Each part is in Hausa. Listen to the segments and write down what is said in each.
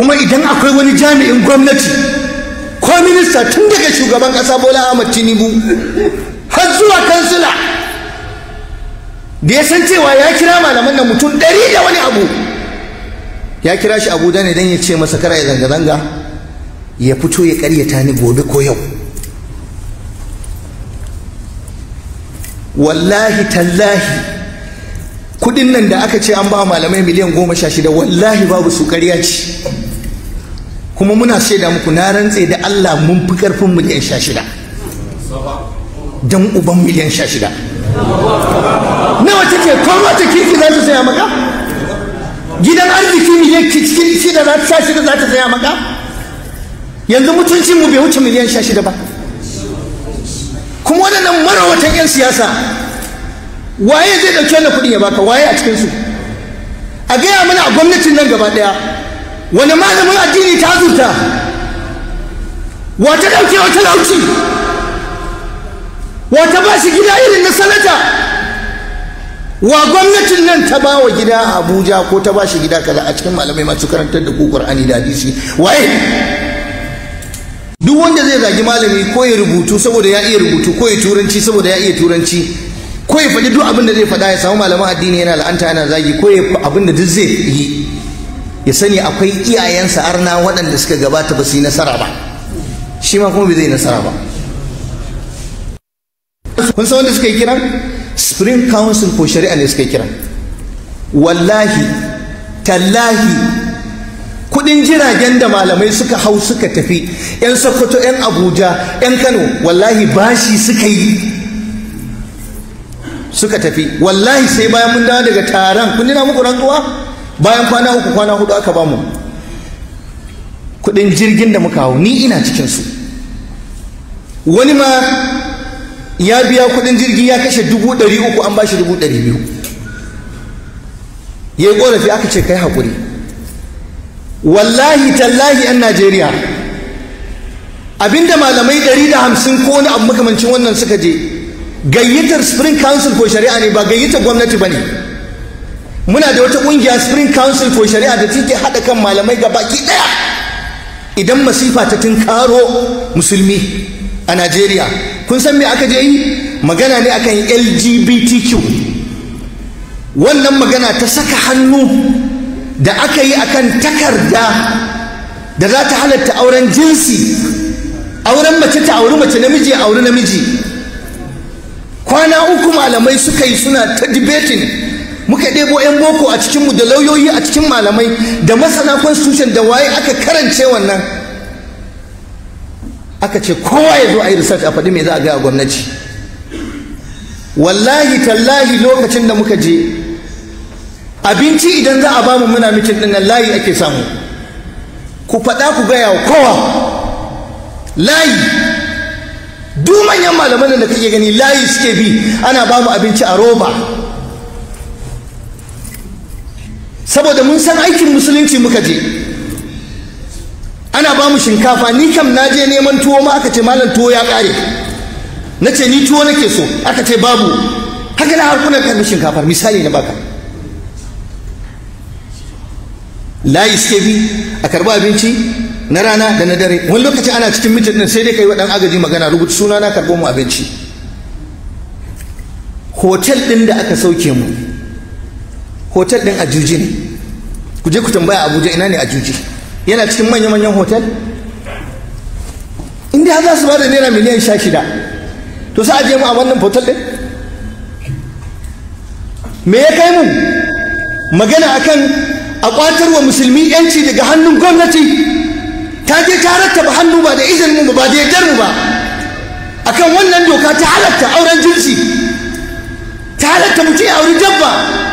kuma idan akwai wani jami'in gwamnati ko minista tun daga shugaban ƙasa bola ahmad tinubu har zuwa kansila da ya san cewa ya kira malaman nan mutum ɗari da wani abu ya kira shi abuja ne don ya ce masa kara ya zanga-zanga ya fito ya karyata ni gobe ko yau wallahi tallahi kudin nan da aka ce an ba malamai miliyan goma sha shida wallahi babu su ƙarya ce kuma muna shaida muku na rantse da Allah mun fi karfin miliyan sha shida dan uban miliyan sha shida nawa take koma ta kirki za ta saya maka gidan arziki miliyan cikin shida za ta sha shida za ta saya maka yanzu mutuncin mu bai wuce miliyan sha shida ba kuma waɗannan marawatan 'yan siyasa waye zai ɗauki wannan kuɗi ya baka waye a cikinsu a gaya mana a gwamnatin nan gaba ɗaya wani malamin addini ta zuta wata ɗauke wata lauci wata ba shi gida irin na sanata wa gwamnatin nan ta ba wa gida a abuja ko ta ba shi gida kaza a cikin malamai masu karantar da ku qur'ani da hadisi waye duk wanda zai zagi malami ko ya rubutu saboda ya iya rubutu ko ya turanci saboda ya iya turanci ko ya faɗi duk abin da zai faɗa ya samu malaman addini yana la'anta yana zagi ko ya abin da duk zai yi ya sani akwai iyayensa arna waɗanda suka gabata ba su yi nasara ba shi ma kuma bai zai nasara ba kun san wanda suka yi kiran spring council for shari'a ne suka yi kiran wallahi tallahi kudin jiragen da malamai suka hau suka tafi yan sokoto yan abuja yan kano wallahi bashi suka yi suka tafi wallahi sai bayan mun dawo daga taron kun dina muku rantsuwa bayan kwana uku kwana hudu aka bamu kudin jirgin da muka hau ni ina cikinsu wani ma ya biya kudin jirgi ya kashe dubu ɗari uku an bashi dubu ɗari biyu ya yi ƙorafi aka ce kai haƙuri wallahi tallahi 'yan najeriya abinda malamai ɗari da hamsin ko wani abu makamancin wannan suka je gayyatar spring council ko shari'a ne ba gayyatar gwamnati ba ne muna da wata kungiya spring council for shari'a da take haɗa kan malamai ga baki ɗaya idan masifa ta tun karo musulmi a najeriya kun san me aka je yi magana ne akan lgbtq wannan magana ta saka hannu da aka yi akan takarda da za ta halatta auren jinsi auren mace ta auri mace namiji auri namiji kwana uku malamai suka yi suna ta debating muka ɗebo 'yan boko a cikinmu da lauyoyi a cikin malamai da masana constitution da waye aka karance wannan aka ce kowa ya zo a yi research a faɗi me za a ga a gwamnati wallahi tallahi lokacin da muka je abinci idan za a ba mu muna mikin ɗin nan layi ake samu ku faɗa ku gaya wa kowa layi duk manyan malaman da kake gani layi suke bi ana ba mu abinci a roba saboda mun san aikin musulunci muka je ana ba mu shinkafa ni kam na je neman tuwo ma aka ce malam tuwo ya kare na ce ni tuwo nake so aka ce babu haka na harkunan karbi shinkafa misali na baka layi suke bi a karbi abinci na rana da na dare wani lokaci ana cikin mijin nan sai dai kai wa dan agaji magana rubuta suna na karbo mu abinci hotel ɗin da aka sauke mu hotel ɗin ajuji ne ku je ku tambaya abuja ina ne ajuji yana cikin manya-manyan hotel inda za su ba da naira miliyan sha shida to sai a je mu a wannan hotel ɗin me ya kai mun magana akan a wa musulmi yanci daga hannun gwamnati ta je ta rattaba hannu ba da izinin mu ba da yardar mu ba akan wannan doka ta halatta auren jinsi ta halatta mutum ya auri dabba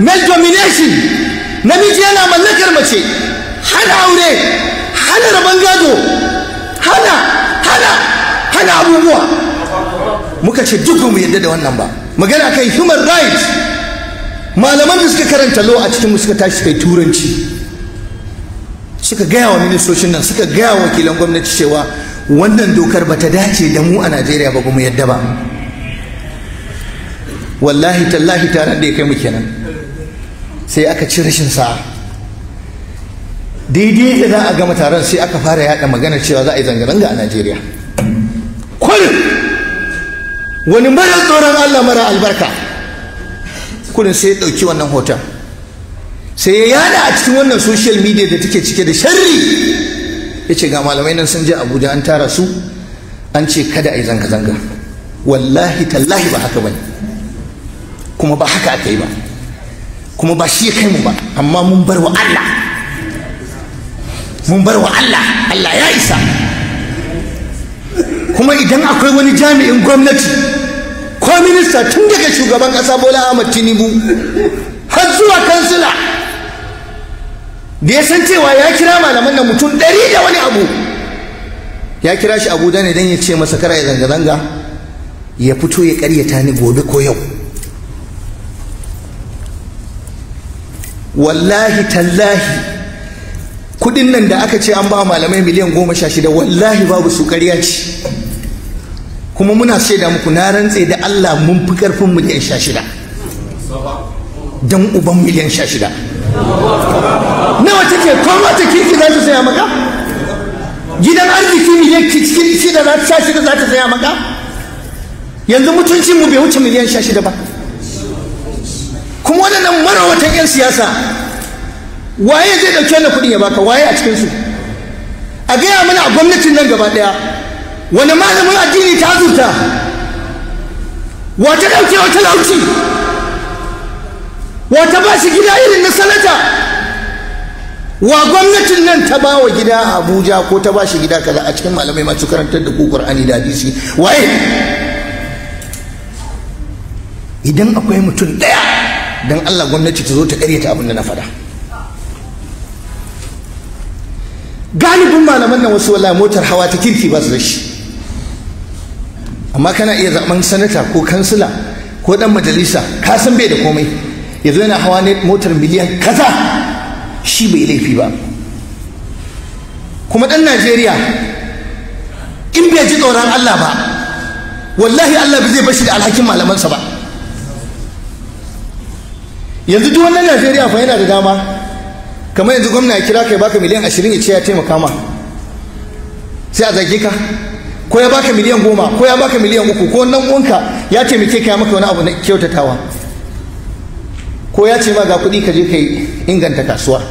male domination namiji yana mallakar mace hana aure hana rabon gado hana hana hana abubuwa muka ce duk mu yadda da wannan ba magana kai human rights malaman da suka karanta lo a cikin suka tashi kai turanci suka gaya wa ministocin nan suka gaya wa wakilan gwamnati cewa wannan dokar ba ta dace da mu a najeriya ba mu yadda ba wallahi tallahi tare da ya kai mu kenan sai aka ci rashin sa daidai da za a gama taron sai aka fara yada magana cewa za a yi zanga-zanga a najeriya kwarin wani mara tsoron allah mara albarka kudin sai ya ɗauki wannan hoton sai ya yada a cikin wannan social media da take cike da sharri ya ce ga malamai nan sun je abuja an tara su an ce kada a yi zanga-zanga wallahi tallahi ba haka ne kuma ba haka aka yi ba kuma ba shi ya kai mu ba amma mun bar wa Allah mun bar wa Allah Allah ya isa kuma idan akwai wani jami'in gwamnati ko minista tun daga shugaban kasa Bola Ahmad Tinubu har zuwa kansila da ya san cewa ya kira malaman nan mutum ɗari da wani abu ya kira shi abuja ne dan ya ce masa kara ya zanga-zanga ya fito ya karyata ni gobe ko yau wallahi tallahi kudin nan da aka ce an ba malamai miliyan goma sha shida wallahi babu su ƙarya ce kuma muna shaida muku na rantse da Allah mun fi karfin miliyan sha shida dan uban miliyan sha shida nawa take koma ta kirki za ta saya maka gidan arziki miliyan sha shida za ta saya maka yanzu mutuncin mu bai wuce miliyan sha shida ba kuma waɗannan marawatan 'yan siyasa waye zai ɗauki wannan kuɗin ya baka waye a cikinsu a gaya mana a gwamnatin nan gaba ɗaya wani malamin addini ta zuta wata ɗauke wata lauci wata ba shi gida irin na sanata wa gwamnatin nan ta ba wa gida a abuja ko ta ba shi gida kaza a cikin malamai masu karantar da kukur ani da waye idan akwai mutum ɗaya don Allah gwamnati ta zo ta karyata abin da na fada galibin malaman nan wasu wallahi motar hawa ta kirki ba su da shi amma kana iya zaben sanata ko kansila ko dan majalisa ka san bai da komai yanzu yana hawa ne motar miliyan kaza shi bai laifi ba kuma dan Najeriya in bai ji tsoron Allah ba wallahi Allah bai zai bashi da alhakin malamansa ba yanzu duk wannan najeriya fa yana da dama kamar yanzu gwamna ya kira ka ya baka miliyan ashirin ya ce ya taimaka ma sai a zage ka ko ya baka miliyan goma ko ya baka miliyan uku ko wannan uwanka ya taimake ka ya maka wani abu na kyautatawa ko ya ce ma ga kuɗi ka je ka inganta kasuwa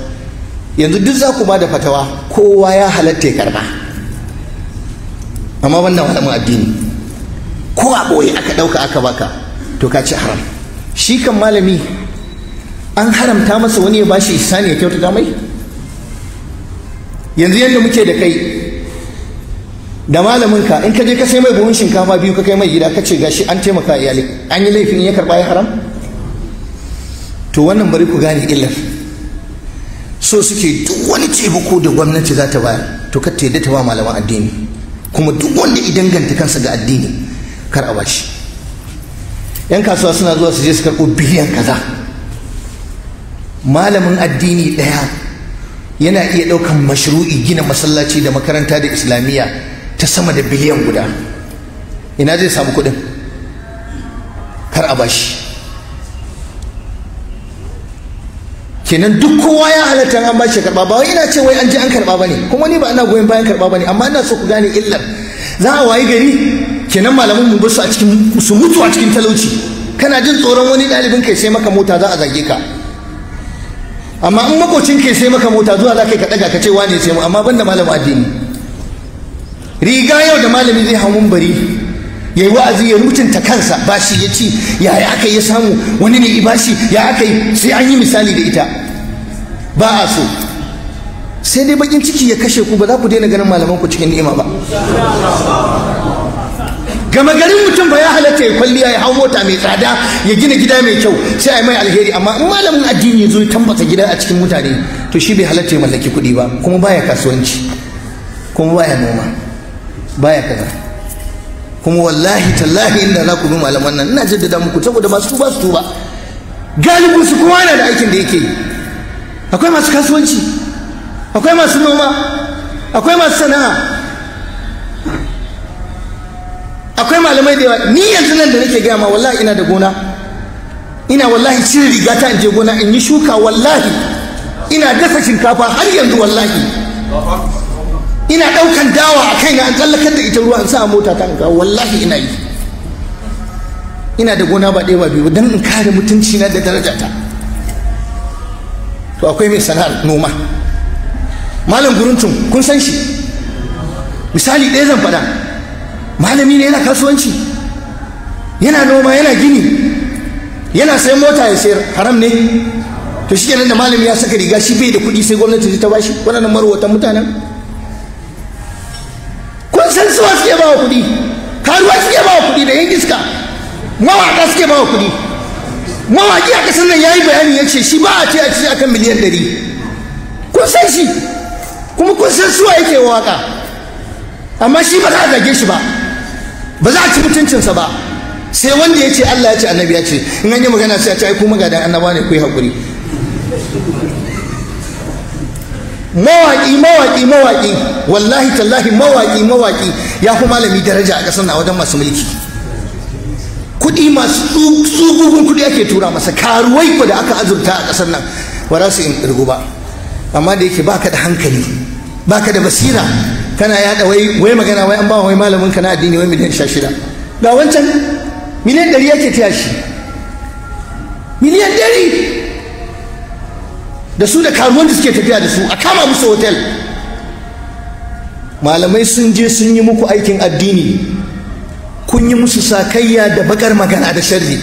yanzu duk za ku ba da fatawa kowa ya halatta ya karba amma wannan malamin addini ko a ɓoye aka ɗauka aka baka to ka ci haram shi kan malami an haramta masa wani ya bashi sani ya kyautata mai yanzu yadda muke da kai da malamin ka in ka je ka sai mai buhun shinkafa biyu ka kai mai gida ka ce gashi an taimaka iyali an yi laifin ya karba ya haram to wannan bari ku gane illar so suke duk wani taimako da gwamnati za ta bayar to kar ta yadda ba malaman addini kuma duk wanda idan ganta kansa ga addini kar a bashi yan kasuwa suna zuwa su je su karɓo biliyan kaza malamin addini ɗaya yana iya ɗaukan mashru'i gina masallaci da makaranta da islamiyya ta sama da biliyan guda ina zai samu kuɗin kar a bashi kenan duk kowa ya halatta an bashi karɓa ba wai ina ce wai an je an karɓa ba ne kuma ni ba ina goyon bayan karɓa ba ne amma ina so ku gane illar za a wayi gari kenan malamin mu su a cikin su mutu a cikin talauci kana jin tsoron wani ɗalibin kai sai maka mota za a zage ka amma in makocin ke sai maka mota zuwa za ka ka daga ka ce wane sai mu amma banda malamin addini riga yau da malami zai hau bari yayi wa'azi ya mutunta kansa ba shi ya ci ya aka ya samu wani ne ibashi ya aka yi sai an yi misali da ita ba a so sai dai bakin ciki ya kashe ku ba za ku daina ganin malaman ku cikin ni'ima ba gama garin mutum ba ya halatta ya kwalliya ya hau mota mai tsada ya gina gida mai kyau sai a yi mai alheri amma in malamin addini ya zo ya tambata gida a cikin mutane to shi bai halatta ya mallaki kuɗi ba kuma baya kasuwanci kuma baya noma baya kaza kuma wallahi tallahi inda za ku bi malaman nan ina jaddada muku saboda su tuba su tuba galibin su kowa yana da aikin da yake yi akwai masu kasuwanci akwai masu noma akwai masu sana'a akwai malamai da yawa ni yanzu nan da nake gaya ma wallahi ina da gona ina wallahi cire riga ta in je gona in yi shuka wallahi ina dasa shinkafa har yanzu wallahi ina ɗaukan dawa a kaina an tsallakar da ita ruwa an sa mota ta kawo wallahi ina yi ina da gona ba ɗaya ba biyu don in kare mutunci na da darajata to akwai mai sana'ar noma malam guruntun kun san shi misali ɗaya zan faɗa malami ne yana kasuwanci yana noma yana gini yana sayan mota ya sayar haram ne to shi kenan da malami ya saka riga shi bai da kuɗi sai gwamnati ta bashi waɗannan marwatan mutanen kun san suwa suke ba wa kuɗi karuwa suke ba wa kuɗi da yan iska mawaƙa suke ba wa kuɗi mawaƙi a ƙasar nan ya yi bayani ya ce shi ba a ce a ce akan miliyan ɗari kun san shi kuma kun san suwa yake waƙa amma shi ba za a zage shi ba ba za a ci mutuncinsa ba sai wanda ya ce Allah ya ce annabi ya ce in an yi magana sai a ce ai ku magadan annaba ne ku yi haƙuri mawaƙi mawaƙi mawaƙi wallahi tallahi mawaƙi mawaƙi ya fi malami daraja a ƙasar na wajen masu mulki kuɗi masu tsugugun kuɗi ake tura masa karuwai ku da aka azurta a ƙasar nan ba za su in ba amma da yake baka da hankali baka da basira kana yada wai wai magana wai an ba wai malamin ka na addini wai miliyan 16 ga wancan miliyan 100 yake tiya shi miliyan 100 da su da karuwan da suke tafiya da su a kama musu hotel malamai sun je sun yi muku aikin addini kun yi musu sakayya da bakar magana da sharri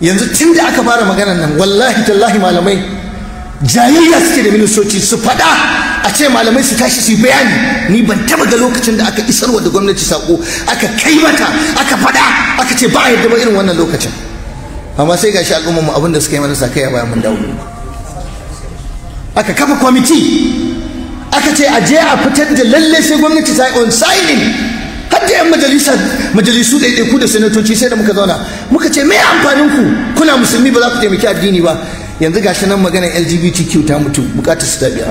yanzu tun da aka fara maganan nan wallahi tallahi malamai jayayya suke da minisoci su faɗa a ce malamai su tashi su bayani ni ban taba ga lokacin da aka isar wa da gwamnati sako aka kai mata aka faɗa aka ce ba a yadda ba irin wannan lokacin amma sai gashi al'umma mu abinda suka yi mana sa kai bayan mun dawo aka kafa kwamiti aka ce a je a fitar da lalle sai gwamnati ta on signing har yan majalisa majalisu ɗaiɗaiku da sanatoci sai da muka zauna muka ce me amfanin ku kuna musulmi ba za ku taimaki addini ba yanzu gashi nan magana LGBTQ ta mutu bukatar su ta biya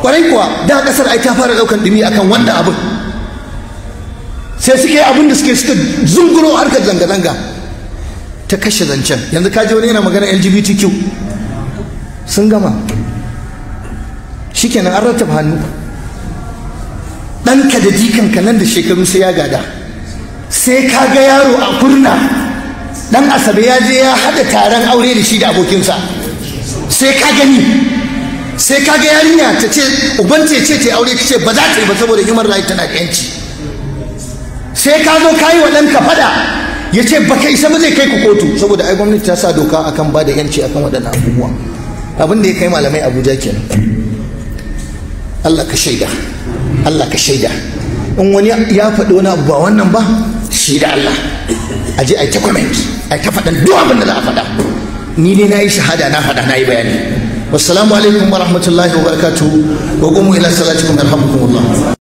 kwarai kuwa da kasar ai ta fara daukan dumi akan wannan abin sai suke abin da suke suka zunguro harkar zanga-zanga ta kashe zancen yanzu kaji wani yana magana lgbtq sun gama shikenan an rattaba hannu ɗanka da jikanka nan da shekaru sai ya gada sai ka ga yaro a kurna ɗan asabe ya je ya haɗa taron aure da shi da abokinsa sai ka gani sai kaga yarinya ta ce ubanta ya ce ta aure ta ce ba za ta yi ba saboda human right tana da yanci sai ka zo kayi wa ɗanka faɗa ya ce ba kai ba zai kai ku kotu saboda ai gwamnati ta sa doka akan ba da yanci akan waɗannan abubuwa abin da ya kai malamai abuja kenan Allah ka shaida Allah ka shaida in wani ya faɗi wani abu ba wannan ba shi da Allah a je a ta comment a ta faɗan duk abin da za a faɗa ni ne na yi shahada na faɗa na yi bayani wassalamu alaikum wa rahmatullahi wa barakatuhu wa qumu ila salatikum yarhamukumullah